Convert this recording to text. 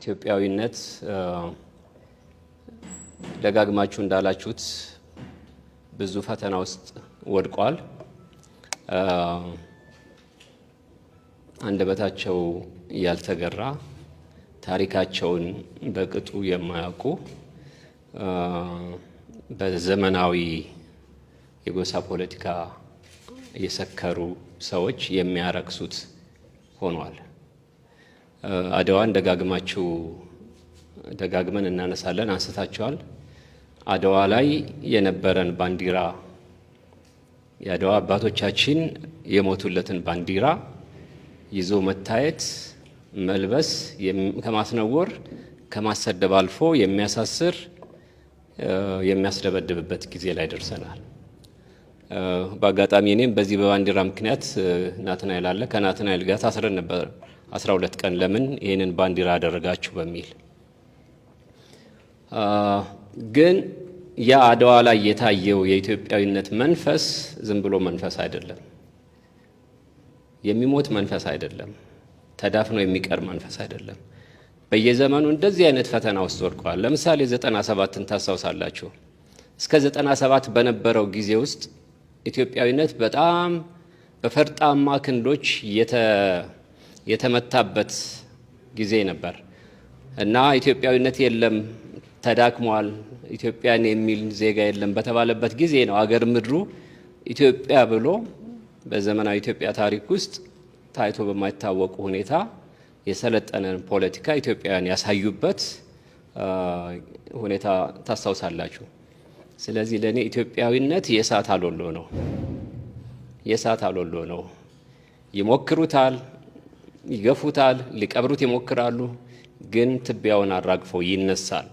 ኢትዮጵያዊነት ደጋግማችሁ እንዳላችሁት ብዙ ፈተና ውስጥ ወድቋል። አንደበታቸው ያልተገራ፣ ታሪካቸውን በቅጡ የማያውቁ በዘመናዊ የጎሳ ፖለቲካ የሰከሩ ሰዎች የሚያረክሱት ሆኗል። አድዋን ደጋግማችሁ ደጋግመን እናነሳለን አንስታችኋል። አድዋ ላይ የነበረን ባንዲራ የአድዋ አባቶቻችን የሞቱለትን ባንዲራ ይዞ መታየት መልበስ ከማስነወር ከማሰደብ አልፎ የሚያሳስር የሚያስደበድብበት ጊዜ ላይ ደርሰናል። በአጋጣሚ እኔም በዚህ በባንዲራ ምክንያት ናትናኤል አለ ከናትናኤል ጋር ታስረን ነበር። አስራ ሁለት ቀን ለምን ይህንን ባንዲራ አደረጋችሁ በሚል ግን ያ አድዋ ላይ የታየው የኢትዮጵያዊነት መንፈስ ዝም ብሎ መንፈስ አይደለም። የሚሞት መንፈስ አይደለም። ተዳፍኖ የሚቀር መንፈስ አይደለም። በየዘመኑ እንደዚህ አይነት ፈተና ውስጥ ወድቀዋል። ለምሳሌ ዘጠና ሰባትን ታስታውሳላችሁ። እስከ ዘጠና ሰባት በነበረው ጊዜ ውስጥ ኢትዮጵያዊነት በጣም በፈርጣማ ክንዶች የተ የተመታበት ጊዜ ነበር እና ኢትዮጵያዊነት የለም ተዳክሟል፣ ኢትዮጵያን የሚል ዜጋ የለም በተባለበት ጊዜ ነው አገር ምድሩ ኢትዮጵያ ብሎ በዘመናዊ ኢትዮጵያ ታሪክ ውስጥ ታይቶ በማይታወቁ ሁኔታ የሰለጠነን ፖለቲካ ኢትዮጵያውያን ያሳዩበት ሁኔታ ታስታውሳላችሁ። ስለዚህ ለእኔ ኢትዮጵያዊነት የእሳት አሎሎ ነው፣ የእሳት አሎሎ ነው። ይሞክሩታል ይገፉታል፣ ሊቀብሩት ይሞክራሉ፣ ግን ትቢያውን አራግፈው ይነሳል።